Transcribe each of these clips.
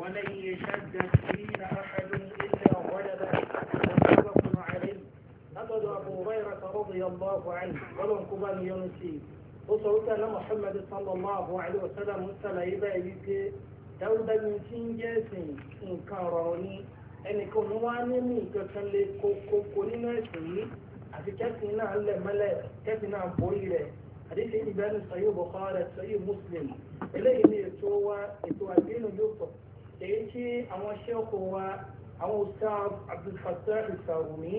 ولن يشد الدين أحد إلا غلبه متفق عليه أبد أبو هريرة رضي الله عنه ولن كبان يونسي وصوت أن محمد صلى الله عليه وسلم مثل إبائك dáúdá ní tí ń jẹ́ ẹ̀sìn nǹkan ọ̀rọ̀ ni ẹnìkan ní wá ní ní nǹkan kan lè kókó nínú ẹ̀sìn yìí àti kẹ́sìn náà lẹ̀ mẹ́lẹ̀ kẹ́sìn náà borí rẹ̀ àdéhùn ìdíbẹ́nu sọ̀yìn Bukhari sọ̀yìn Muslim eléyìí ni ètò wa ètò àdéhùn yóò sọ̀tọ̀ èyí tí àwọn ṣẹ́kù wa àwọn ustaz abdulfatah ìsàwùmí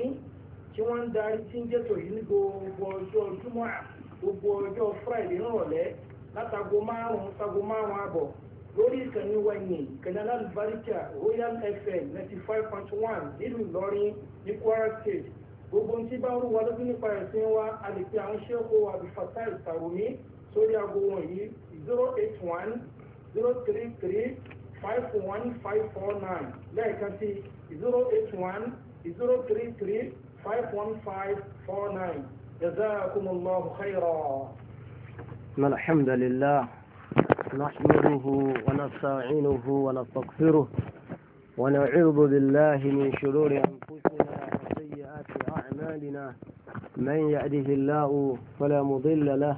tí wọ́n ń darí tí ń jẹ́tò yìí ní gbogbo ọjọ́ júmọ́ gbogbo ọjọ́ friday nírọ̀lẹ́ látago márùn-ún sago márùn-ún àbọ̀ lórí ìkànnì wẹ̀yìn ìkànnì alábàríkà royal fm ninety five point one nílùú ìlọrin ní kwara state gbogbo ohun tí bá rú wa lójú nípa ẹ̀sìn wa a lè pe àwọn ṣẹ́kù abdulfatah ìsàwùmí sórí aago wọ̀nyí zero eight one zero three three five one five four nine lẹ́ẹ̀kan sí zero eight one zero three three five one five four nine جزاكم الله خيرا إن الحمد لله نحمده ونستعينه ونستغفره ونعوذ بالله من شرور أنفسنا وسيئات أعمالنا من يأده الله فلا مضل له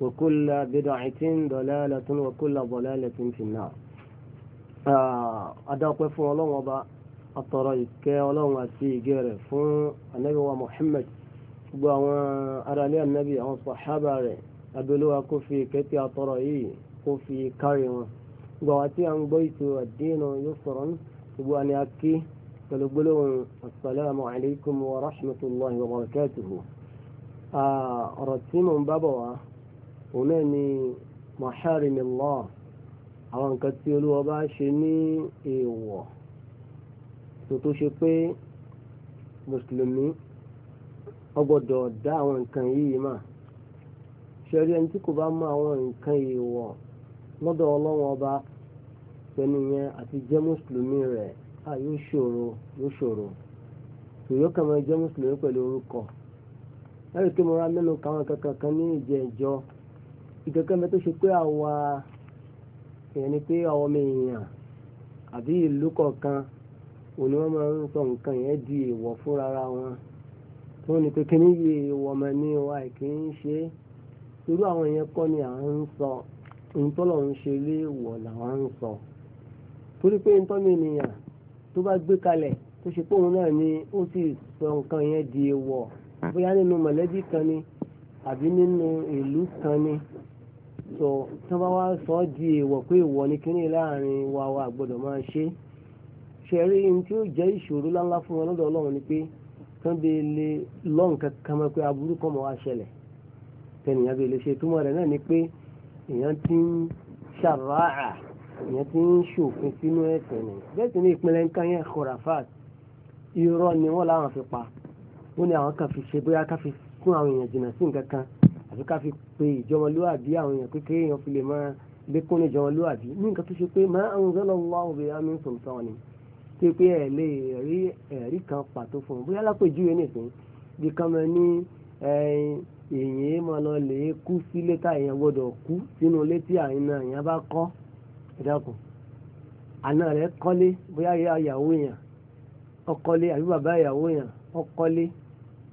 وكل بدعة ضلالة وكل ضلالة في النار أدعوكم فون الله وبا الطريق الله وسي غير فون النبي ومحمد gbogbo ara ilé ànábì àwọn sàhábà rẹ̀ abẹ́lúwa kó fi kẹ́tì àtọ̀rọ̀ yìí kó fi kárí wọn gbogbo àwọn tí a ń gbọ́ ètò àdínà yóò sọ̀rọ̀ ní gbogbo àni akí pẹ̀lú gbólóhùn asalaamu alaykum wa rahmatulahi wa barakatuhu ọ̀rọ̀ tí mò ń bábọ̀ wá òun náà ni maharimillah àwọn nǹkan tí olúwa ṣe ní èèwọ̀ tó tó ṣe pé mùsùlùmí ọgbọ́dọ̀ dá àwọn nǹkan yìí mà ṣẹ́rí ẹni tí kò bá mọ àwọn nǹkan èèwọ̀ lọ́dọ̀ ọlọ́wọ́n ọba pẹ̀lú yẹn àti jẹ́ mùsùlùmí rẹ̀ a yóò ṣòro yóò ṣòro tòyó kàn máa jẹ́ mùsùlùmí pẹ̀lú orúkọ ẹ̀rí mo ra mẹ́nu káwọn kankan kan ní ìjẹ́ ìjọ. ìkankan tó ṣe pé àwa èèyàn ni pé àwọn ọmọ èèyàn àbí ìlú kọ̀ọ̀kan òní wọ́n máa ń sọ nǹkan yẹn di èèwọ̀ fúnra wọn tó ní pé kíní yé èèwọ̀ ọmọ ní wa kì í ṣe é irú àwọn yẹn kọ́ ni à ń sọ ntọ́lọ̀ ń ṣe léèwọ̀ làwọn ń sọ torí pé ntọ́mi ènìyàn tó bá gbé kalẹ̀ tó ṣe pé òun náà ni ó sì sọ nǹkan yẹn di èèwọ̀ bóyá nínú mọ̀lẹ́bí kan ni àbí nínú ìlú kan ni so tí wọ́n bá wá sọ ọ́ di èèwọ̀ pé ìwọ ni kíní láàrin wa wa gbọ́dọ̀ máa ṣe ṣe rí ní tí ó jẹ́ ìṣòro láńlá fún wọn lọ́dọ̀ ọlọ́run ni pé tán bí lè lọ́n kankan mọ́ pé aburú kan mọ́ wá ṣẹlẹ̀ tẹnìyàn bí lè ṣe túmọ̀ rẹ̀ náà ni pé èèyàn ti ń ṣàráà èèyàn ti ń ṣòfin sínú ẹ̀sìn ni bẹ́ẹ̀ sì ni ìpínlẹ̀ nǹkan yẹn khurafat irọ́ ni wọ́n láwọn fi pa wọ́n ní àwọn kan fi ṣe bóyá ká fi kún àwọn èèyàn jìnnà sí nǹkan kan àbí ká fi pe ìjọmọlúwàbí àwọn èèyàn pé kéèyàn fi lè máa lékún ní ìjọmọlúwàbí ní nǹkan tó ṣe pé máa ń rán lọ́wọ́ òbí àmì sọ̀tàn ni tó pé ẹ̀ lè rí ẹ̀rí kan pàtó fún un bóyá lápèjúwe nìkan bí kan máa ní èèyàn máa lọ lè kú sí létà èèyàn gbọ́dọ̀ kú sínú ilé tí àyìnà èèyàn bá kọ́ ẹ̀dàkùn àna rẹ̀ kọ́lé bóyá ìyàwó èèyàn ọkọ́lé àbí bàbá ìyàwó èèyàn ọkọ́lé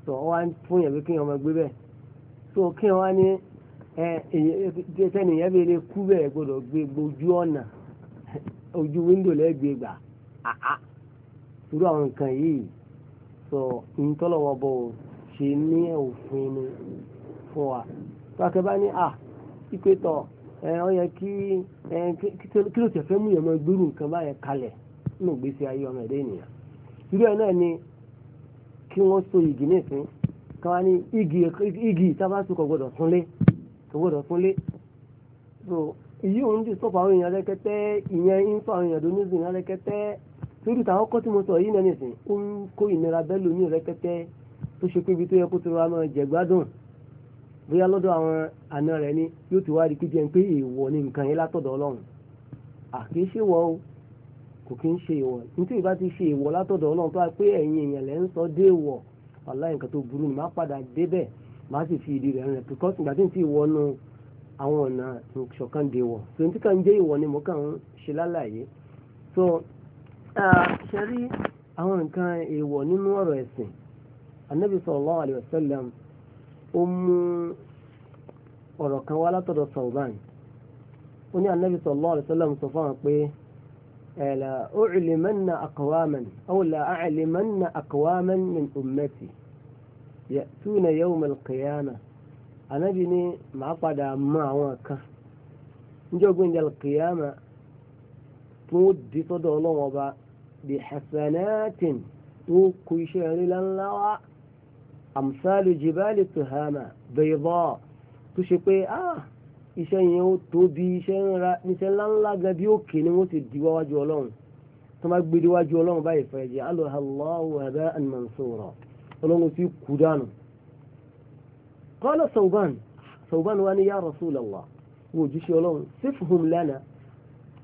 tó wá fún yàn pé kéèyàn máa gbé bẹ́ẹ̀ tó kí wọ́n ní ẹ̀ẹ́dẹ́sẹ́nìyàn bí lè kú bẹ́ẹ̀ gbọ́dọ̀ gbé ojú ọ̀nà ojú wíńdò lẹ́gbẹ̀ẹ́ gbà àá irú àwọn nǹkan yìí sọ ìtọ́lọ̀wọ́ bọ̀ ṣe ní òfin ni fún wa tọ́kẹ́ bá ní à ipe tọ̀ ẹ ọ yẹ kí ẹ kí ló tẹ̀fẹ́ mú yẹn mọ gbúrú nǹkan báyẹn kalẹ̀ nínú ìgbésí ayé ọmọ ẹ̀dẹ́ ènìyàn irú ẹ̀ náà ni kí wọ́n so igi nísìn káwá ní igi igi tábàtú kò gbọdọ̀ súnlé kò gbọdọ̀ súnlé so èyí òun ti sọ́pọ̀ àwọn èèyàn rẹ́kẹ́tẹ́ ìyẹn ń sọ àwọn èèyàn tó ní zìnnà rẹ́kẹ́tẹ́ torí táwọn kọ́ tí mo sọ yìí náà nìsín ó ń kó ìnira bẹ́ẹ̀ lómi rẹ́kẹ́tẹ́ tó ṣe pé ibi tó yẹ kó tó ra máa jẹ gbádùn bóyá lọ́dọ̀ àwọn àna rẹ̀ ni yóò ti wá rí pé jẹun pé èèwọ̀ ni nǹkan yẹn látọ̀dọ̀ ọlọ́run wàláhì nǹkan tó burú ni màá padà débẹ̀ màá sì fi ìdí rẹ̀ rìn because ìgbà tí n ti wọnú àwọn ọ̀nà ìṣọ̀kan dè wọ̀ so n ti kàn jẹ́ ìwọ ni mo kàn ń ṣe lálàyé so ṣe rí àwọn nǹkan èèwọ̀ nínú ọ̀rọ̀ ẹ̀sìn anabi sallallahu alayhi wa sallam ó mú ọ̀rọ̀ kan wá látọ̀dọ̀ Sawban ó ní anabi sallallahu alayhi sọ fún wa pé. لا أعلمن أقواما أو لا أعلمن أقواما من أمتي يأتون يوم القيامة أنا بني ما قد ما وكا نجوب القيامة تود تدولون وبا بحسنات توكو شهر لنلوى أمثال جبال تهامة بيضاء تشكي آه iṣẹ́ yẹn ó tóbi iṣẹ́ ńlá níṣẹ́ ńláńlá gan bí òkè ni wọ́n ti di wájú ọlọ́run tó máa gbé déwájú ọlọ́run báyìí fẹ́ jẹ́ alọ́hàlọ́hù ẹ̀bẹ́ ànàmọ́sọ̀rọ̀ ọlọ́run ti kú dànù. qala Sauban Sauban wa ni ya Rasulallah wo jíṣẹ́ ọlọ́run sifhum lana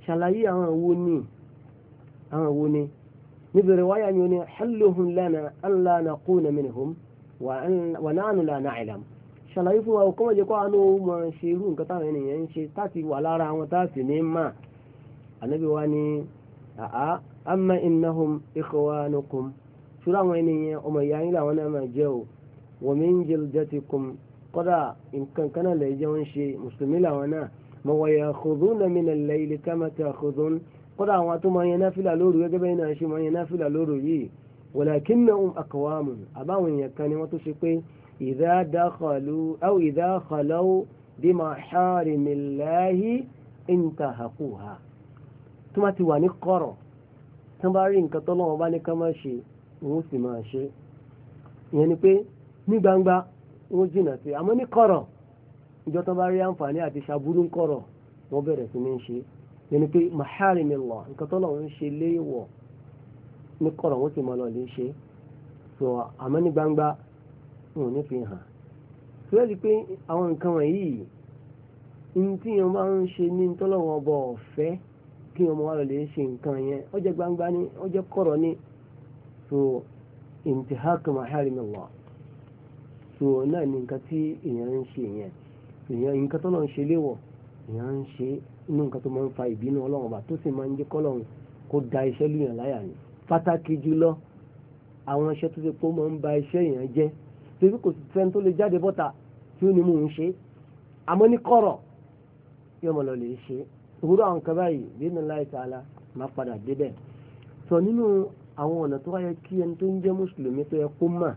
ṣàlàyé àwọn àwo ni àwọn àwo ni níbi ni ó ní halluhum ṣàlàyé fún wa kọ́mọ̀ jẹ́ kó àánú mọ̀ ṣe irú nǹkan táwọn ènìyàn ń ṣe táti wà lára wọn táti ní mà ànábì wa ni àá amma innahum ikhwanukum ṣúra àwọn ènìyàn ọmọ ìyá yín làwọn náà máa jẹ́ o wa min jiljatikum kọ́dà nǹkan kan náà lẹ́yìn jẹ́ wọ́n ṣe mùsùlùmí làwọn náà mọ̀ wa yakhuduna min al-layli kama ta'khudun kọ́dà àwọn tó máa yẹn náà ṣe lóru yìí إذا دخلوا أو إذا خلوا بمحارم الله انتهكوها tó bá ti wà ní kọ̀rọ̀ tó bá rí nǹkan tọ́lọ́wọ́ bá ní ká máa ṣe òun sì máa ṣe ìyẹn ni pé ní gbangba wọ́n jìnnà sí àmọ́ ní kọ̀rọ̀ ìjọ tó bá rí àǹfààní àti ṣàbúrú kọ̀rọ̀ wọ́n bẹ̀rẹ̀ sí ní ṣe ìyẹn ni pé maharimillah nǹkan tọ́lọ́wọ́ ń ṣe léèwọ̀ ní kọ̀rọ̀ wọ́n sì máa lọ lè ṣe àmọ́ ní gbangba wọn ò ní fi hàn fẹ́ẹ́rì pé àwọn nǹkan wọ̀nyí ní tí wọn máa ń ṣe ní tọ́lọ́wọ́n ọba ọ̀fẹ́ kí wọn wá lọ lè ṣe nǹkan yẹn ó jẹ́ gbangba ni ó jẹ́ kọ̀rọ̀ ni so intihak maharimillah so náà ni nǹkan tí èèyàn ń ṣe yẹn èèyàn nǹkan tó lọ́n ṣe léwọ̀ èèyàn ń ṣe inú nǹkan tó máa ń fa ìbínú ọlọ́run ọba tó sì máa ń jẹ́ kọ́lọ́run kó da iṣẹ́ lùyàn láyà ni pàtàkì jùlọ àwọn iṣẹ́ tó ti pọ́ máa ń ba iṣẹ́ èèyàn jẹ́ torí kò sí fẹ́ni tó lè jáde bọ́ta tí ó ní mò ń ṣe àmọ́ ní kọ̀rọ̀ yóò mọ̀ lọ lè ṣe òwúrọ̀ àwọn kan báyìí nínú láì sàlá máa padà débẹ̀ sọ nínú àwọn ọ̀nà tó wáyé kí ẹni tó ń jẹ́ mùsùlùmí tó yẹ kó mà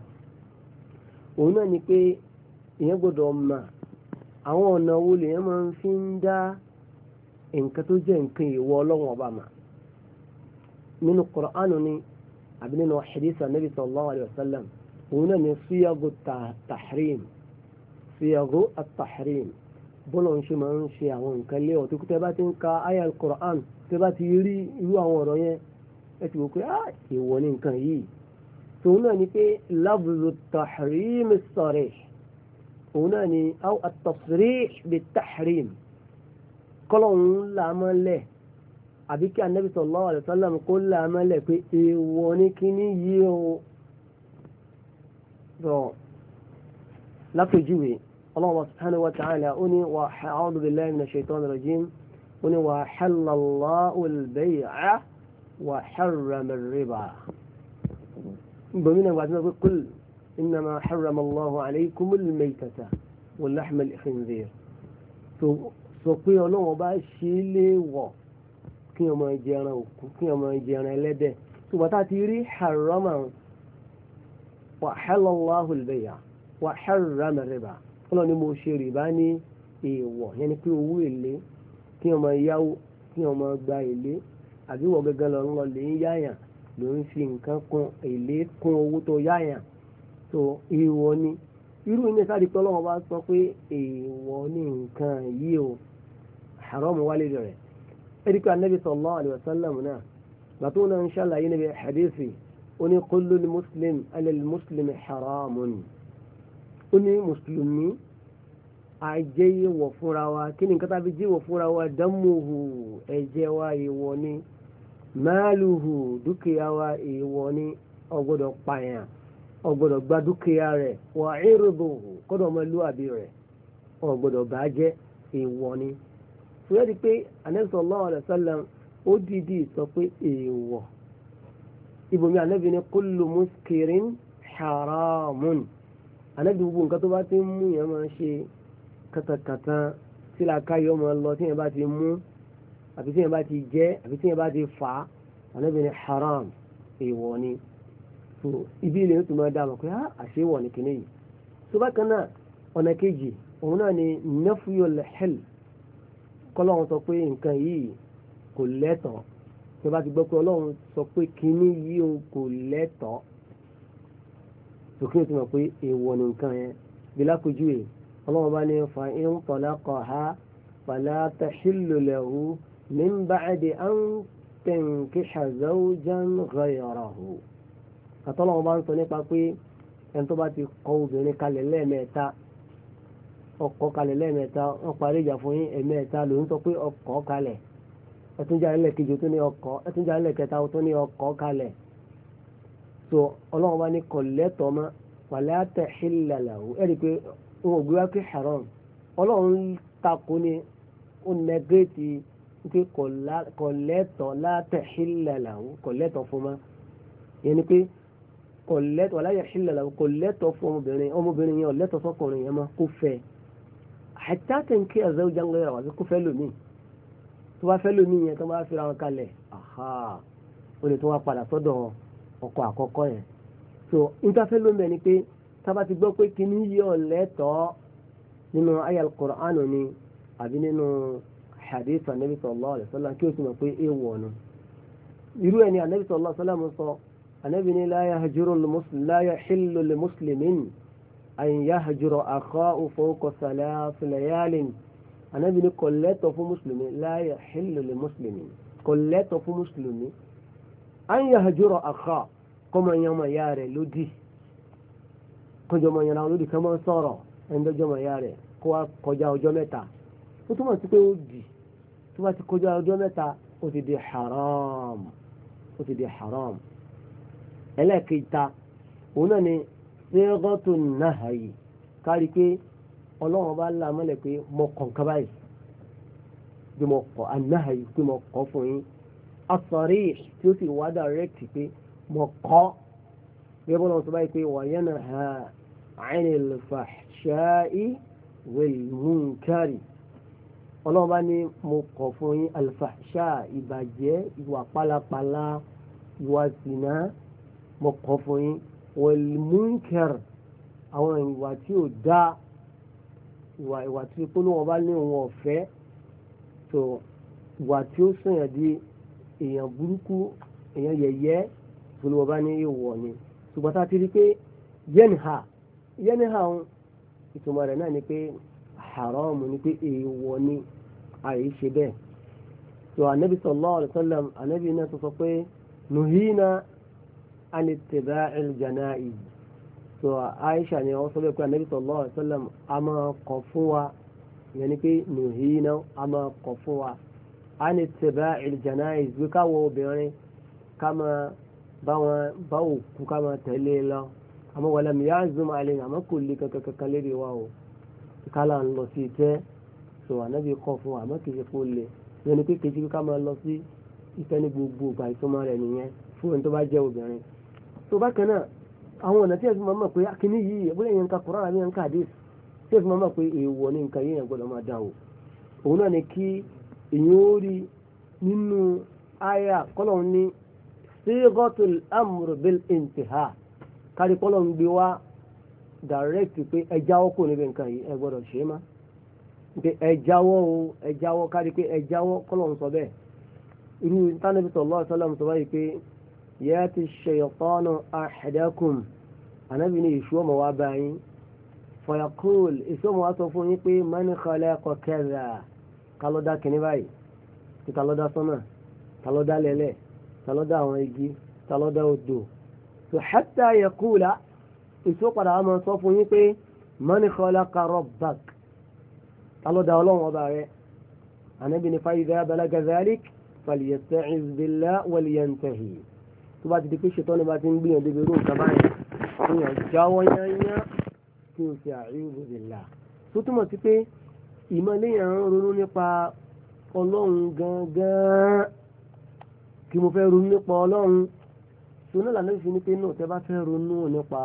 òun náà ni pé ìyẹn gbọ́dọ̀ mà àwọn ọ̀nà wo lèyẹn máa ń fi ń dá nǹkan tó jẹ́ nǹkan ìwọ ọlọ́run ọba mà nínú Kùránù ni àbí nínú hadith Ànábì sallallahu alaihi wasallam òun náà ni síyàgò tàhírìm síyàgò àtàhírìm bọ́lá ń ṣe máa ń ṣe àwọn nǹkan lé ọ̀tún kí tẹ́ bá ti ń ka aya al-Qur'an tẹ́ bá ti rí irú àwọn ọ̀rọ̀ yẹn ẹ ti wò pé ah èèwọ̀ ni nǹkan yìí tòun náà ni pé lábùlù tàhírìm sọ̀rẹ̀ òun náà ni aw at-tasrih bit-tahrim kọ́lọ́hún làmọ́lẹ̀ àbí kí anabi sallallahu alaihi wasallam kó làmọ́lẹ̀ pé èèwọ̀ ni kíní yìí o so lápèjúwe Allah subhanahu wa ta'ala ó ní wa a'udhu billahi minash shaitanir rajim ó ní wa halallahu al-bay'a wa harrama ar-riba gbòmìnà gbàdúrà pé kúl innama harrama Allahu alaykumul maytata wa lahmal khinzir sọ pé ọlọ́wọ́n wà hẹ́lọ́láhù lẹ́yà wà hẹ́rẹ́mẹ̀ rìbá ọlọ́run ni mo ṣe rìbá ní èèwọ̀ yẹn ni pé owó èlé kí ọmọ yáwó kí ọmọ gba èlé àbí wọ́n gẹ́gẹ́ lọ lọ lè ń yáyàn ló ń fi nǹkan kún èlé kún owó tó yáyàn tó èèwọ̀ ni irú ní sáàdì pé ọlọ́run bá sọ pé èèwọ̀ ni nǹkan yìí o haram wálé rẹ̀ ẹ̀ríkà anábì sallallahu alaihi náà gbàtó náà ń ṣàlàyé níbi hadithi ó ní kullu muslim alal muslim haramun ó ní mùsùlùmí àjẹ́ ìwọ̀ fúnra wa kí ni nǹkan tàbí jíwọ̀ fúnra wa damuhu ẹ̀jẹ̀ wa ìwọ̀ ni máàlùhù dúkìá wa ìwọ̀ ni ọgbọ́dọ̀ pààyàn ọgbọ́dọ̀ gba dúkìá rẹ̀ wà irduhu kọ́dọ̀ ọmọ ìlú rẹ̀ ọgbọ́dọ̀ bàjẹ́ ìwọ̀ ni. sọ́yẹ́ di pé anẹ́sọ̀ sallallahu alaihi wasallam ó dìídì sọ pé èèwọ̀ ibòmí anabi ni kullu muskirin haramun anabi gbogbo nǹkan tó bá ti ń mú yẹn máa ṣe katakata tí làákàyọ máa lọ tí yẹn bá ti mú àbí tí yẹn bá ti jẹ àbí tí yẹn bá ti fà á anabi ni haram èèwọ̀ ni so ibi ilẹ̀ yóò tún máa dáàbò pé ah, àṣẹ wọ̀ ní kìnìyí so bákan náà ọ̀nà kejì òun náà ni nafuyol hel kọ́lọ́hún sọ pé nǹkan yìí kò lẹ́tọ̀ọ́ tó bá ti gbọ́ pé ọlọ́run sọ pé kínní yìí òun kò lẹ́tọ̀ọ́ tòkí o ti mọ̀ pé èèwọ̀ ni nǹkan yẹn bí lákòjú ẹ̀ ọlọ́run bá ní fa in talaqaha fala tahillu lahu min ba'di an tankiha zawjan ghayrahu àtọ́lọ́run bá ń sọ nípa pé ẹni tó bá ti kọ obìnrin kalẹ̀ lẹ́ẹ̀mẹ́ta ọkọ kalẹ̀ lẹ́ẹ̀mẹ́ta wọ́n parí ìjà fún yín ẹ̀mẹ́ta lòún sọ pé ọkọ kalẹ̀ ẹtúnjà ńlẹ̀ kejì tó ní ọkọ̀ ẹtúnjà ńlẹ̀ kẹta tó ní ọkọ̀ kalẹ̀ so ọlọ́run bá ní kọ̀lẹ́tọ̀ mọ́ wàlẹ́ àtẹ̀hílẹ̀lẹ̀wò ẹ̀ rí i pé n ò gbé wá pé haram ọlọ́run takò ní ó nẹgẹ́tì pé kọ̀lẹ́tọ̀ látẹ̀hílẹ̀lẹ̀wò kọ̀lẹ́tọ̀ fún ma yẹn ni pé kọ̀lẹ́tọ̀ látẹ̀hílẹ̀lẹ̀wò kọ̀lẹ́tọ̀ fún ọmọbìnrin ọmọbìnrin yẹn ọ̀lẹ́tọ̀ sọkùnrin yẹn ma kó fẹ́ àtàtẹ̀ǹkì àzẹ́wò jàǹgẹ́rẹ́ wà tó bá fẹ́ lómi yẹn tó bá fi ra wọn kalẹ̀ o lè tó wá padà sọ́dọ̀ ọkọ àkọ́kọ́ yẹn so nítafẹ́ lómi ẹ̀ ni pé tába ti gbọ́ pé kíní yíyọ lẹ́tọ̀ọ́ nínú ayal Qur'an ni àbí nínú hadith anabi sallallahu alayhi wa sallam kí o ti mọ̀ pé èèwọ̀ nu irú ẹni anabi sallallahu alayhi wa sallam sọ anabi ni la yahjuru la yahillu lil muslimin an yahjura akhahu fawqa thalath layalin ànábì ní kò lẹ́tọ̀ fún mùsùlùmí láyé hìlùlẹ̀ mùsùlùmí kò lẹ́tọ̀ fún mùsùlùmí à ń yàjọrọ̀ àkà kọ́mọ yẹn mọ̀ ya rẹ̀ lódì kọjọ mọ̀ yẹn lódì kọ́mọ sọ̀rọ̀ ẹ̀ńdọ́jọ́ mọ̀ ya rẹ̀ kó wa kọjá ọjọ́ mẹ́ta ó túmọ̀ sí pé ó dì ti kọjá ọjọ́ mẹ́ta ó ti di haram ó ti di haram ẹlẹ́ẹ̀kẹta òun náà ni ṣé rọ́tò náà yìí kárí ọlọ́run bá là mọ́lẹ̀ pé mo kàn kán báyìí bí mo kọ̀ anáhàyè pé mo kọ́ fún yín asọ̀rí tí ó sì wá direct pé mo kọ́ bí bọ́lá sọ báyìí pé wàyẹn ha anil fahshai wal munkari ọlọ́run bá ní mo kọ̀ fún yín alfahsha ìbàjẹ́ ìwà pálapàla ìwà sìnà mo kọ̀ fún yín wal àwọn ìwà tí ò dáa ìwà ìwà tí polówó bá ní òun ọ̀fẹ́ tó ìwà tí ó sèyàn di èèyàn burúkú èèyàn yẹ̀yẹ́ polówó bá ní ìwọ̀ ni ṣùgbọ́n tá a ti rí pé yẹ́nìhà yẹ́nìhà ń ìtumọ̀ rẹ̀ náà ni pé haram ni pé èèwọ̀ ni àyè ṣe bẹ́ẹ̀ tó anabi sallallahu alayhi wa anabi náà sọ pé nuhina anitiba'il janaiz so aisha ni wọ́n sọ́lẹ̀ pé anabi sallallahu alaihi wasallam a máa kọ̀ fún wa ìyẹn ni pé nùhìnà a máa kọ̀ fún wa a ní tẹ̀bá ìjànáyìí gbé káwọ obìnrin ká máa bá òkú ká máa tẹ̀lé e lọ àmọ́ wàlẹ́ mi yá zoom alẹ́ àmọ́ kò lè kankan kankan lédè wa o kálá ń lọ sí tẹ́ so anabi kọ̀ fún wa àmọ́ kì ṣe kó lè ìyẹn ni pé kejì ká máa lọ sí ìtẹ́ ní gbogbo ìgbà ìsọmọ rẹ̀ nìyẹn fún àwọn ọ̀nà tí ẹ fi máa mọ̀ pé akíní yìí bóyá yẹn ń ka Kùránì àbí yẹn ń ka àdé tí ẹ fi máa mọ̀ pé èèwọ̀ ní nǹkan yẹn gbọ́dọ̀ máa dà o òun náà ni kí èèyàn ó rí nínú àyà kọ́lọ̀ ní sígọ́tul amr bil intiha kárí kọ́lọ̀ ń gbé wá direct pé ẹ jáwọ́ kò níbi nǹkan yìí ẹ gbọ́dọ̀ ṣe é má pé ẹ jáwọ́ o ẹ jáwọ́ kárí pé ẹ jáwọ́ kọ́lọ̀ ń sọ bẹ́ẹ̀ irú ànábì ní èṣù ọmọ wa bá yín fọyàkóòl èṣù ọmọ wa sọ fún yín pé mánìkọlẹ kọkẹrà kálọdá kìnní báyìí tí kálọdá sọnà kálọdá lẹlẹ kálọdá àwọn igi kálọdá odò tó hẹtà yẹkúùlà èṣù padà wà máa sọ fún yín pé mánìkọlẹ karọ bak kálọdá ọlọ́run ọba rẹ ànábì ní fàyídà balaga zalik fàlìyẹsẹ ìzbìlá wàlìyẹntẹhì tó bá ti di pé ṣètọ́ ni bá ti ń gbìyànjú bí irú nǹkan báyìí kí wọ́n jáwọ́ yányá kí wọ́n fi àríwú ìlà tó túmọ̀ sí pé ìmọ̀lẹ́yìn ronú nípa ọlọ́run gangan kí mo fẹ́ ronú nípa ọlọ́run tó náà lànà ìfini pé náà tẹ́ bá fẹ́ ronú nípa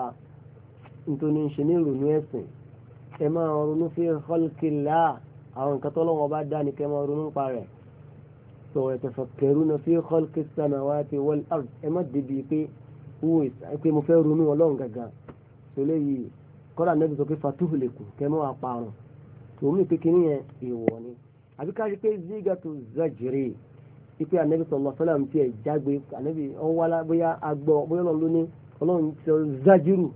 nítorí ṣe ní ìrònú ẹ̀sìn ẹ máa ronú fi khalqillah àwọn nǹkan tó lọ́wọ́ bá dá ní kẹ́ máa ronú nípa rẹ̀ tó ẹ tafakkaruna fi khalqis samawati wal ard ẹ wò pé mo fẹ́ ronú ọlọ́run gangan tòlẹ́ yìí kọ́dà nẹ́bí sọ pé fatuhu lè kù kẹ́ mọ́ apààrùn tòun pé kínní yẹn èèwọ̀ ni àbí ká rí pé ziga tó zajiri ipe anabi sọlọ sọlọ àmì tiẹ̀ jágbe anabi ọwọ́lá bóyá agbọ́ bóyá ọlọ́run ló ní ọlọ́run sọ zajiru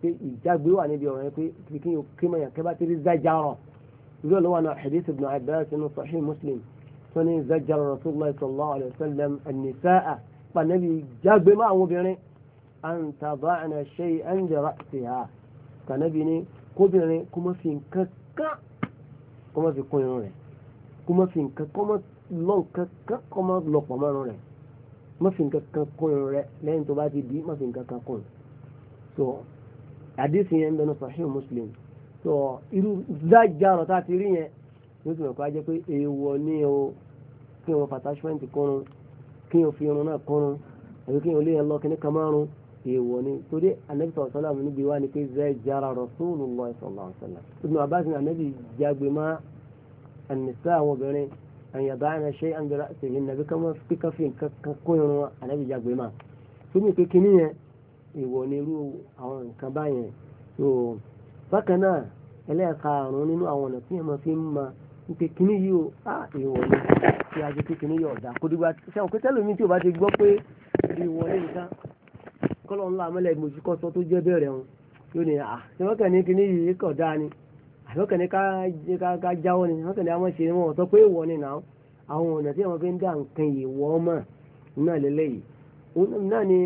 pé ìjágbe wà níbi ọ̀rọ̀ yẹn pé kí ni kí mọ̀ yẹn kẹ́bá tẹ́lẹ̀ zajarọ̀ ìlú ọ̀lọ́wọ́ àná hadith ibn abbas an tada'na shay'an bi ra'siha kànábì ní kóbìnrin kó má fi nǹkan kan kó má fi kún irun rẹ̀ kó má fi nǹkan kó má lọ nǹkan kan kó má lọ pọ̀ mọ́run rẹ̀ má fi nǹkan kan kún irun rẹ̀ lẹ́yìn tó bá ti di má fi nǹkan kan kún. so àdìsí yẹn ń bẹnu Sahih Muslim so irú zájàrọ̀ tá ti rí yẹn ló ti mọ̀ a jẹ́ pé èèwọ̀ ni o kí wọn fàtàṣíwẹ́ǹtì kúrun kí wọn fi irun náà kúrun àbí kí wọn lé yẹn lọ kíní kan márùn èèwọ̀ ni torí anabi sọ̀rọ̀ sọ́lá mi níbi wá ni pé zẹ́ jara Rasulullah sallallahu alaihi wasallam ibn Abbas ni anabi jagbe má anisa àwọn obìnrin àyàbá àna ṣe àǹdàrà ṣèyí nàbí ká máa fi káfí nǹkan kó irun wa anabi jagbe má fún mi pé kíní yẹn èèwọ̀ ni irú àwọn nǹkan báyẹn so bákan náà ẹlẹ́ẹ̀karùn-ún nínú àwọn ọ̀nà tí yẹn máa fi ń ma pé kíní yìí ó à èèwọ̀ ni kí a jẹ́ pé kíní yìí ọ̀dà kó dìgbà sẹ́wọ̀n o bá ti gbọ́ pé ìwọlé nǹkan kọ́lọ̀ ńlá amẹ́lẹ̀ ìmọ̀síkọ́ sọ tó jẹ́ bẹ̀rẹ̀ wọn yóò ní à ah, ìwọ́kẹ̀ ní kíní yìí kọ̀ dáa ni àbẹ́kẹ̀ ní ká jáwọ́ ni ìwọ́kẹ̀ ní amọ̀ṣe ni wọ́n sọ pé ìwọ ni nà àwọn ọ̀nà tí wọ́n fi ń dá nǹkan yìí wọ́ mọ̀ náà lélẹ́yìí náà ni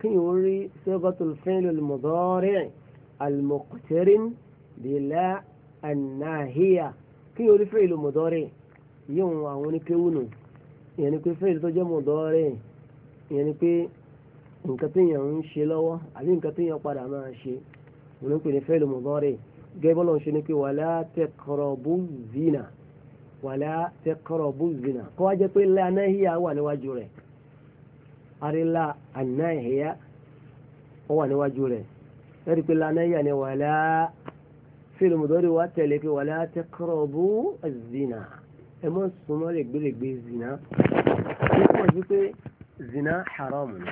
kíyìn orí sẹ́gọ́tùl fẹ́lẹ̀ mọ̀dọ́rẹ́ àlùmọ̀kùtẹ́rin bìlá ànáhíyà kíyìn orí fẹ́lẹ̀ mọ̀dọ́rẹ́ yíyún àwọn oníkéwù ìyẹn ni pé fẹ́lẹ̀ tó jẹ́ mọ̀dọ́rẹ́ ìyẹn ni pé nǹkan tó yàn ń ṣe lọ́wọ́ àbí nǹkan tó yàn padà máa ṣe òun pè ní fẹ́ẹ̀lì mọ̀gọ́rẹ̀ gẹ́gẹ́ bọ́lá ń ṣe ni pé wala taqrabu zina wala taqrabu zina kó wá jẹ́ pé la nahiya wà níwájú rẹ̀ arila anahiya ó wà níwájú rẹ̀ ẹ̀rí pé la nahiya ni wala fẹ́ẹ̀lì mọ̀gọ́rẹ̀ wà tẹ̀lé pé wala taqrabu zina ẹ mọ̀ súnmọ́ lè zina ó kọ̀ sí pé zina haram ni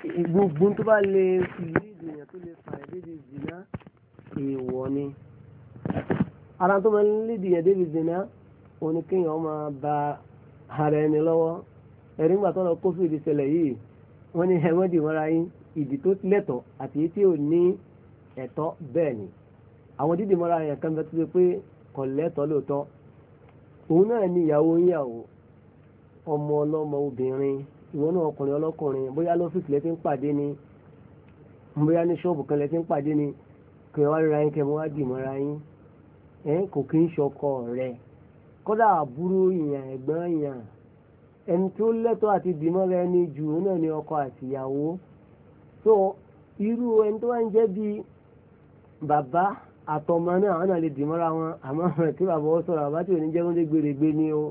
gbogbo tó bá lè fi léèdì èèyàn tó lè fà léèdì zìnà èèwọ̀ ni ara tó máa ń léèdì èèyàn débi zìnà máa ba ara ẹni lọ́wọ́ ẹ̀rí ńgbà tó lọ kó fìdí ṣẹlẹ̀ yìí wọ́n ní ẹ̀wọ́n dì mọ́ra yín ìdí tó lẹ́tọ̀ àti èyí tí ò ní ẹ̀tọ́ bẹ́ẹ̀ ni àwọn dídì mọ́ra yẹn kan bẹ́ẹ̀ tó ṣe pé kò lẹ́tọ̀ lóòótọ́ òun náà ni ìyàwó ń ìwọ náà ọkùnrin ọlọ́kùnrin bóyá lọ́fíìsì lẹ ti ń pàdé ni bóyá ní ṣọ́ọ̀bù kan lẹ ti ń pàdé ni kẹ wá ríra yín kẹ mọ́ wá dì mọ́ra yín ẹ̀ kò kí ń ṣọkọ rẹ kódà àbúrò ìyàn ẹ̀gbọ́n ìyàn ẹni tó lẹ́tọ̀ọ́ àti dìmọ́ra ẹni jù ú náà ni ọkọ àtìyàwó so irú ẹni tó wá ń jẹ́ bíi bàbá àtọmọ náà àwọn náà lè dìmọ́ra wọn àmọ́ tí bàbá ó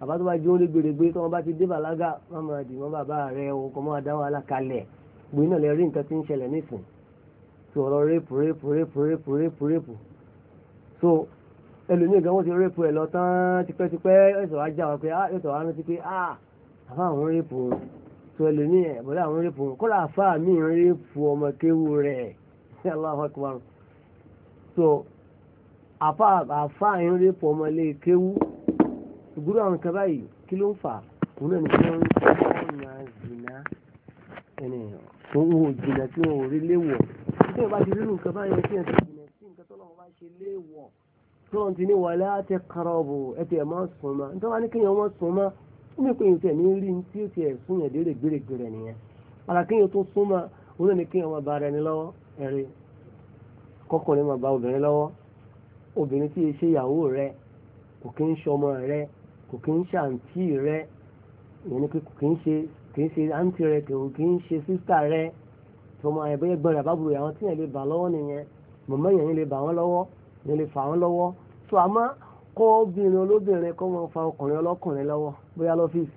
bàbá tó bá jẹ́ olè gbèrègbè tó wọn bá ti dé bàlágà wọn máa dì wọn bàbá rẹ o kò máa dá wàhálà kalẹ̀ gbé náà lè rí nǹkan tí ń ṣẹlẹ̀ nísìn tó ọ̀rọ̀ rẹ́pù rẹ́pù rẹ́pù rẹ́pù rẹ́pù rẹ́pù so ẹlòmíì gan wọ́n ti rẹ́pù ẹ̀ lọ tán tipẹ́tipẹ́ ẹ̀sọ̀ wá já wa pé ah ẹ̀sọ̀ wá rántí pé ah àfa àwọn rẹ́pù tó ẹlòmíì ẹ̀ bọ́lá àwọn rẹ́pù kọ́lá àfa mi rẹ́pù ọmọ kéwu rẹ̀ Allahu Akbar so àfa àfa àyìn rẹ́pù ọmọ ilé kéwu ìgbúrò àwọn kan báyìí kí ló ń fà òun náà ní kí wọ́n ń ọ̀nà zìnà ẹnì òun ò jìnà tí wọn ò rí léwọ̀ tí wọ́n bá ti rírun nǹkan báyìí kí wọ́n ti jìnà sí nǹkan tó lọ́wọ́ bá ṣe léwọ̀ tí wọ́n ti ní wàlẹ́ àti karọ́bù ẹ̀tẹ̀ ẹ̀ máa sùn mọ́ nítorí wọn ní kéèyàn wọn sùn mọ́ ó ní pé tẹ̀ ní rí tí ó ti ẹ̀sùn yẹn dé règbèrègbèrè nìyẹn ara kéèyàn tó sún mọ́ òun ní kéèyàn máa bá ara ẹni lọ́wọ́ ẹ̀rí kọ́kùnrin máa bá obìnrin lọ́wọ́ obìnrin tí ì kò kí ń ṣàǹtí rẹ ìyẹn ni pé kò kí ń ṣe kì í ṣe àǹtí rẹ kò kí ń ṣe sísítà rẹ tọmọ ẹgbẹ ẹgbẹ rẹ àbábùrò àwọn tíyẹn lè bà lọ́wọ́ nìyẹn mọmọ yẹn lè bà wọn lọ́wọ́ yẹn lè fà wọn lọ́wọ́ tó àmọ́ kọ obìnrin olóbìnrin kọ wọn fa ọkùnrin ọlọ́kùnrin lọ́wọ́ bóyá lọ́fíìsì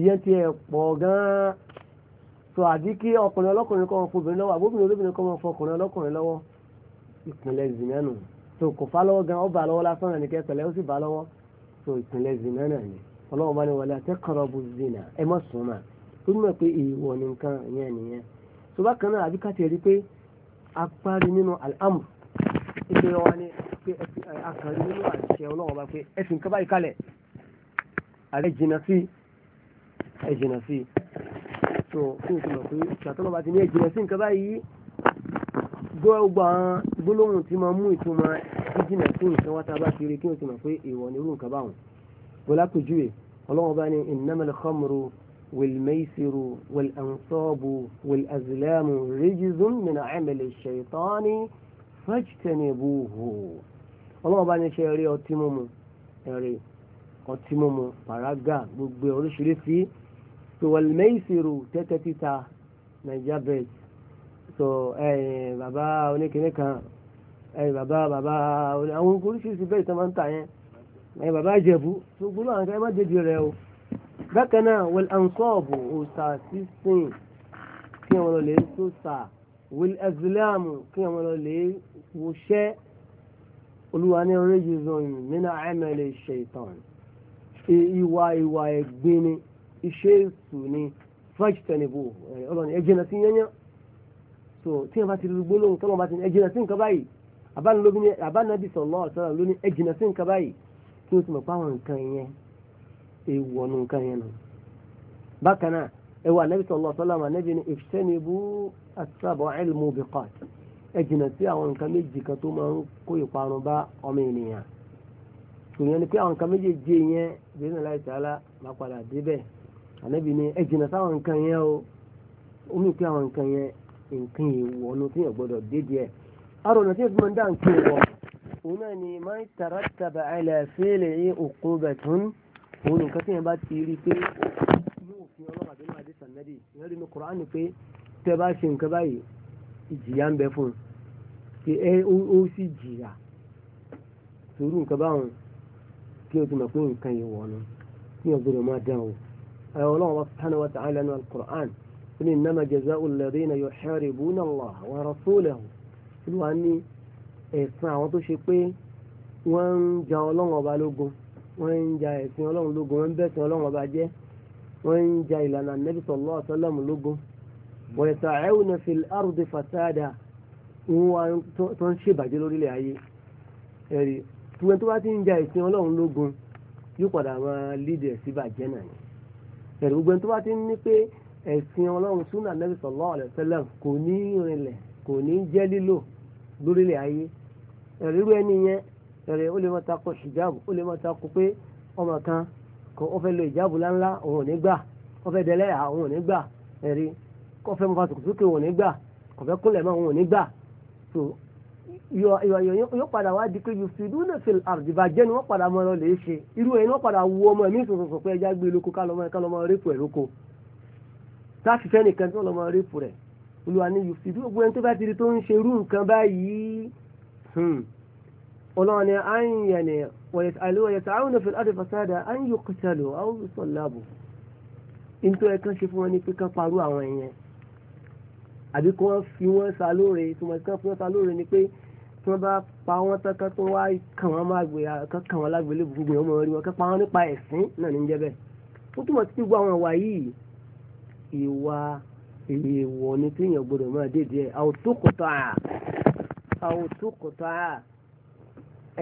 ìyẹn tiẹ̀ pọ̀ ganan tó àbí kí ọkùnrin ọlọ́kùnrin kọ wọn fọ obìnrin lọ́wọ́ àbóbìnrin olóbìnrin kọ wọn fọ ọkùnrin ọlọ́kùnrin lọ́wọ́ ìpínlẹ̀ zìnyẹnu tó kò fà lọ́wọ́ gan ọba lọ́wọ́ lásán rẹ nìkẹ pẹ̀lẹ́ ó sì bà lọ́wọ́ so ìpínlẹ̀ zina náà ni ọlọ́run bá ní wala taqrabu zina ẹ má sùn mà tó mọ̀ pé ìwọ ni nǹkan yẹn nìyẹn so bákan náà àbíká ti rí pé apárí nínú al-amr ìpè wa ni akàrí nínú àṣẹ ọlọ́run bá pé ẹ fi nǹkan báyìí kalẹ̀ àrẹ jìnnà sí ẹ jìnnà sí so fún ìtumọ̀ pé ṣàtọ́nà bá ti ní ẹ jìnnà sí nǹkan báyìí gbọ́ gbọ́ àwọn gbólóhùn tí máa mú ìtumọ̀ jíjìnà sí nǹkan wá tá a bá ti rí kí o ti mọ̀ pé èèwọ̀ ni irú nǹkan báwọn. bọ́lá pèjúwe ọlọ́run bá ní innamal khamru wal maysiru wal ansabu wal azlamu rijzun min amali shaytani fajtanibuhu. ọlọ́run bá ní ṣe eré ọtí mímu eré ọtí mímu pàrágà gbogbo oríṣiríṣi tó wal tẹ́tẹ́ títa nàìjíríà bẹ́ẹ̀ tó bàbá oníkìnnìkan ẹ̀yìn bàbá bàbá àwọn oríṣiríṣi bẹ́ẹ̀ tán máa ń tà yẹn ẹ̀yìn bàbá ìjẹ̀bú tó gbóló àwọn akẹ́kọ̀ọ́ jẹ́bi rẹ̀ o bákan náà wẹ̀l ansọ́ọ̀bù òòsà sísìn kí àwọn lọ́lẹ̀ sọ́sà wẹ̀l ẹ̀zìlámù kí àwọn lọ́lẹ̀ wọṣẹ́ olúwa ní orí yìí nínú àmẹ́lẹ̀ ṣètàn ìwà ìwà ẹ̀gbin ni iṣẹ́ èṣù ni fẹ́jìtẹ̀nìbù ọlọ́ni ẹ̀jẹ̀ náà sí yẹn yẹn so tí wọn bá ti gbólóhùn tọ́lọ́ bá ti ẹ̀jẹ̀ náà sí nǹkan báyìí àbánabi sallallahu alaihi wasallam ló ní ẹ jìnà sí nǹkan báyìí kí wọ́n ti mọ̀ pé àwọn nǹkan ya èèwọ̀ ọ̀nà nǹkan yẹn nù. bákan náà ẹ wà ànábì sallallahu alaihi wasallam ànábì ní ijtanibu as-sab'al mubiqat ẹ jìnà sí àwọn nǹkan méjì kan tó máa ń kó ìparun bá ọmọ ènìyàn ma ni pé àwọn nǹkan yẹn láì sàlá má padà nǹkan yẹn o ó àwọn nǹkan yẹn nǹkan ìwọ̀nù tí yẹn أرى نتيجة من دان كيوة هناني ما يترتب على فعله عقوبة هنا كثيرا بعد تيري في نوفي الله بعد ما حديث النبي يقول القرآن في تباشن كباي ìjìyà ń bẹ fún un kí ẹ ó sì jìyà torí nǹkan báwọn kí o ti mọ̀ pé nǹkan yìí wọ̀ ọ́nà kí o gbọdọ̀ máa dán o. ẹ ọlọ́run subhanahu wa ta'ala nínú al-Qur'an ó ní innama jaza'u alladhina yuharibuna Allah wa rasulahu olúwa ní ẹ̀sìn àwọn tó ṣe pé wọ́n ń ja ọlọ́run ọba lógun wọ́n ń ja ẹ̀sìn ọlọ́run lógun wọ́n ń bẹ̀sìn ọlọ́run ọba jẹ́ wọ́n ń ja ìlànà nẹ́bí sallallahu alaihi wasallam lógun wọ́n yẹ sàáyẹ́wùnà fil ardi fasada wọ́n tó ń ṣèbàjẹ́ lórílẹ̀ ayé ẹ̀rí ṣùgbọ́n tó bá ti ń ja ìsìn ọlọ́run lógun yóò padà máa lídìí ẹ̀ bàjẹ́ náà ni ẹ̀rí gbogbo tó bá ti ní pé ẹ̀sìn ọlọ́run súnà nẹ́bí sallallahu alaihi kò ní ìrìnlẹ̀ kò ní jẹ́ lílò lórílẹ̀ ayé ẹ̀rí irú ẹni yẹn ẹ̀rí ó lè máa takò hijab ó lè máa takò pé ọmọ kan kò ó fẹ́ lo ìjáàbù láńlá òun ò ní gbà ó fẹ́ dẹlẹ́yà òun ò ní gbà ẹ̀rí kò fẹ́ mọ fàtòkù sókè òun ò ní gbà kò fẹ́ kúnlẹ̀ mọ́ òun ò ní gbà so yóò padà wá di pé yusiduna fil ardi bàjẹ́ ni wọ́n padà mọ́ ọ lè ṣe irú ẹni wọ́n padà wú ọmọ mi sọ̀sọ̀sọ̀ pé ẹja gbé lóko ká lọ́mọ ká lọ́mọ rẹ́pù ẹ̀ lóko táàkì fẹ́ nìkan tí wọ́n lọ́mọ rẹ́pù rẹ̀ olùwà ni yòófì tí gbogbo ẹni tó bá ti di tó ń ṣerú nǹkan báyìí hmm, ọlọ́run ni à ń yẹnì wọ̀yẹ̀sà àwọn ọ̀nà fìlà àti fasada à ń yọ kọtàlù àwọn sọ̀làbù nítorí ẹ̀ kan ṣe fún wọn ní pé kán parú àwọn ẹ̀yẹn àbí kí wọ́n fi wọ́n sa lóore ìtumọ̀ kí wọ́n fi wọ́n sa lóore ni pé tí wọ́n bá pa wọ́n tán kán tó wá kàn wọ́n má gbé kán kàn wọ́n lágbélé gbogbo ẹ̀ rí wọn kán pa wọ́n nípa ẹ̀sìn náà ní jẹ́ ó túmọ̀ sí gbogbo àwọn ìwà yìí ìwà èèwọ̀ ni tí èèyàn gbọdọ̀ máa dédé ẹ̀ àwòtókòtà àwòtókòtà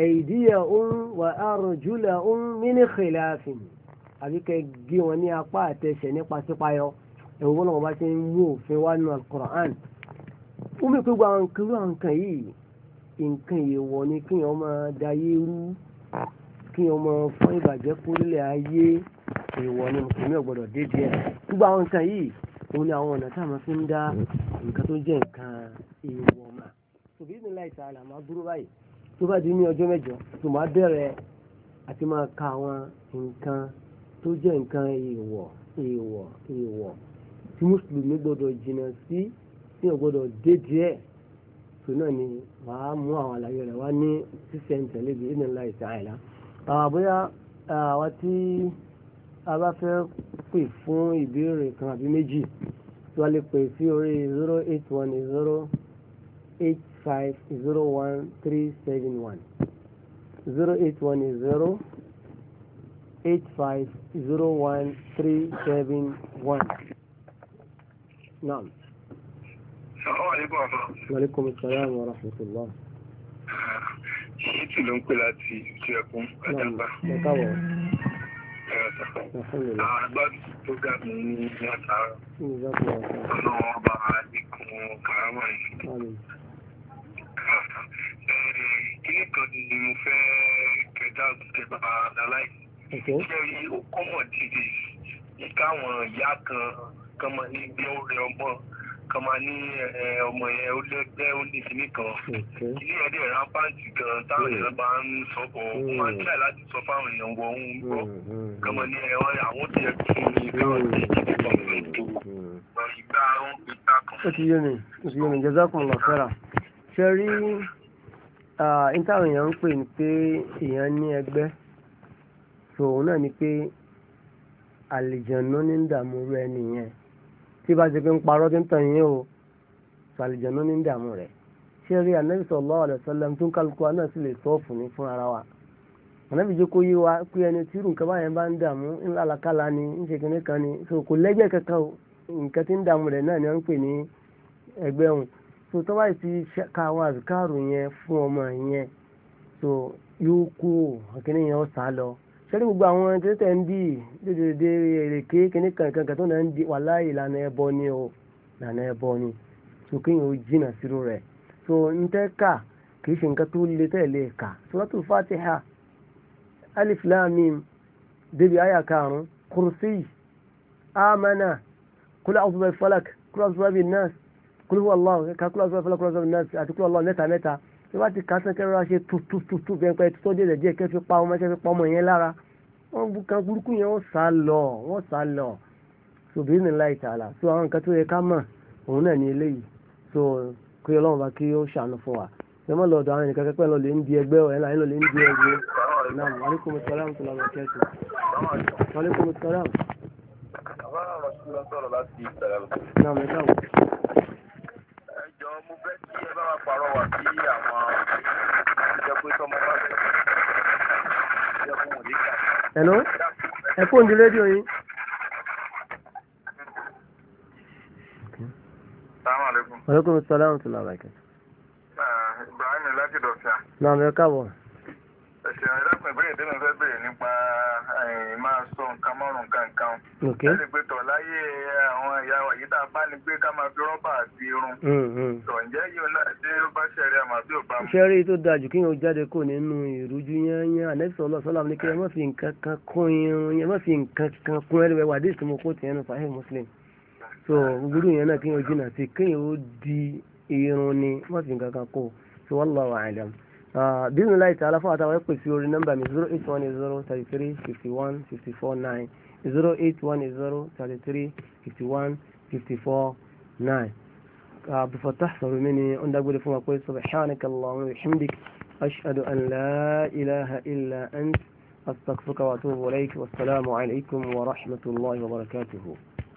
ẹ̀yìdíyà ń wà àrùjúlẹ̀ ń mini khilafin àbí kẹ́ gé wọn ní apá àtẹ̀sẹ̀ nípa sípayọ ẹ̀wọ̀n wọn lọ́wọ́ bá ti ń mú òfin wá nù alukur'an ó mi pé gbogbo àwọn nǹkan ló nǹkan yìí nǹkan ni kí èèyàn máa dayé rú kí èèyàn máa fọ́n ìbàjẹ́ kórílẹ̀ ayé èèwọ̀ ni mùsùlùmí ò dédé ẹ̀ gbogbo àwọn nǹkan yìí òun ni àwọn ọ̀nà tá a máa fi ń dá nǹkan tó jẹ́ nǹkan èèwọ̀ mà òbí mi láì ta àlàmà dúró báyìí tó bá di ní ọjọ́ mẹ́jọ tó máa bẹ̀rẹ̀ àti máa ka àwọn nǹkan tó jẹ́ nǹkan èèwọ̀ èèwọ̀ èèwọ̀ tí mùsùlùmí gbọ́dọ̀ jìnnà sí tí ò gbọ́dọ̀ dé díẹ̀ tó náà ni wàá mú àwọn àlàyé rẹ̀ wá ní sísẹ̀ntẹ̀lẹ́gbẹ̀ẹ́ ìnìlá ìtàn àìlá àbóyá àwọn tí a bá fẹ́ pè fún ìbéèrè kan àbí méjì tí wọ́n lè pè sí orí zero eight one zero eight five zero one three seven one zero eight one zero eight five zero one three seven one. Naam. Salaamaleykum afa. Maaleykum salaam wa rahmatulah. Ṣé tí ló ń pè láti ṣe ẹkún Adamba? Mo káwọ̀. Ilé ah, ah, eh, Ìkáwọn ìyá kan kan máa ní gbé ọ̀rẹ́ ọmọ kan máa ní eh, ọmọ yẹn ó lẹ́gbẹ́ ó ní kinní kan kinní yẹn dẹ̀ rampant gan táwọn hmm. èèyàn bá ń sọ pọ̀ wọ́n hmm. máa ń tíyà láti sọ fáwọn èèyàn wọ ohun hmm, gbọ́ kan máa ní eh, àwọn tó yẹ kí ní káwọn tó yẹ kí ní kan fún ètò ìgbà ìgbà kan. ó ti yé mi ó ti yé mi jazakumullah khaira ṣe rí n táwọn èèyàn ń pè ní pé èèyàn ní ẹgbẹ́ so náà ni pé àlìjànú ní ń rẹ nìyẹn tí bá ti fi ń parọ́ tí ń tàn yín o sàlìjànú ní dààmú rẹ̀ ṣé rí anabi sallallahu alaihi wasallam tó ń kálukú wa náà sì lè sọ fún ní fún ara wa anabi jẹ́ kó yé wa pé ẹni tí irú nǹkan báyẹn bá ń dààmú ńlá làkàlà ni ń ṣe kínní kan ni so kò lẹ́gbẹ́ kankan o nǹkan tí ń dààmú rẹ̀ náà ni wọ́n ń pè ní ẹgbẹ́ òun so tó bá ti ka àwọn àzùkárù yẹn fún ọmọ yẹn so yóò kú òkìní yẹn sẹ́rí gbogbo àwọn tẹ́tẹ́ ń bí dédédé èrèké kíní kankan kan tó náà ń di wàhálà ìlànà ẹbọ ni o ìlànà ẹbọ ni tó kéèyàn ó jìnà sírú rẹ̀ tó ń tẹ́ kà kìí ṣe nǹkan tó le tẹ́lẹ̀ kà sọ́tù fatiha alif lam débi karùn amana falak tí wọ́n ti kà sán kẹ́rọ ṣe tutututu bẹ́ẹ̀ pẹ́ tó dé ẹ̀jẹ̀ kẹ́ fi pa ọmọ ṣẹ́ fi pa ọmọ yẹn lára wọ́n kan burúkú yẹn wọ́n sá lọ wọ́n sá lọ sòbí ní láì tààlà so àwọn nǹkan tó yẹ ká mọ̀ òun náà ní eléyìí so kí ọlọ́run bá kí ó ṣàánú fún wa ṣe mọ́ lọ́dọ̀ àwọn ènìyàn kẹ́kẹ́ lọ lè ń di ẹgbẹ́ ọ̀ ẹ̀la ẹ̀lọ́ lè ń di ẹgbẹ́ náà wàlékùn sọ́lá tó lọ́wọ́ kẹ́tù wàlékùn mo fẹ́ kí ẹ bá wa pàrọwà sí àwọn ìjọ pé tọmọ bá fẹ́ ìjọ fún òní kà. hello ẹ fóun di rédíò yín. salaamaleykum. aleykum salaam wa rahmatulah. ibrahim láti dọ̀fíà. naam ẹ káàbọ̀ ìbéèrè tẹ́lẹ̀ fẹ́ bèrè nípa máa sọ nǹkan márùn-ún kankan. ẹni pé tọ̀ láyé àwọn ìyá yìí tá a bá ní pé ká máa fi rọ́bà àti irun. Hmm, hmm. tọ̀ ǹjẹ́ yìí náà ṣé ó bá ṣẹ̀rí àmọ́ àbí ò bá mu. ṣẹ́rí tó dáa jù kí n jáde kó nínú ìrújú yányán ànẹ́sì ọlọ́ọ̀ sọ́lá ní kí má fi nǹkan kan kún irun ẹ má fi nǹkan kan kún ẹlẹ́wẹ̀ wà déètì mo kó tiẹ̀ nù fàáhì muslim. so gbogbo yẹn náà kí n jìnnà sí kí n di irun ni má fi nǹkan kan kó so wallahu a'lam bínú láì tààlà fún àtàwọn ẹ̀pẹ̀ sí orí nọ́mbà mi zero eight one zero thirty three fifty one fifty four nine zero eight one zero thirty three fifty one fifty four nine. بفتح صبر مني عند أقول فما قول سبحانك اللهم وبحمدك أشهد أن لا إله إلا أنت أستغفرك وأتوب إليك والسلام عليكم ورحمة الله وبركاته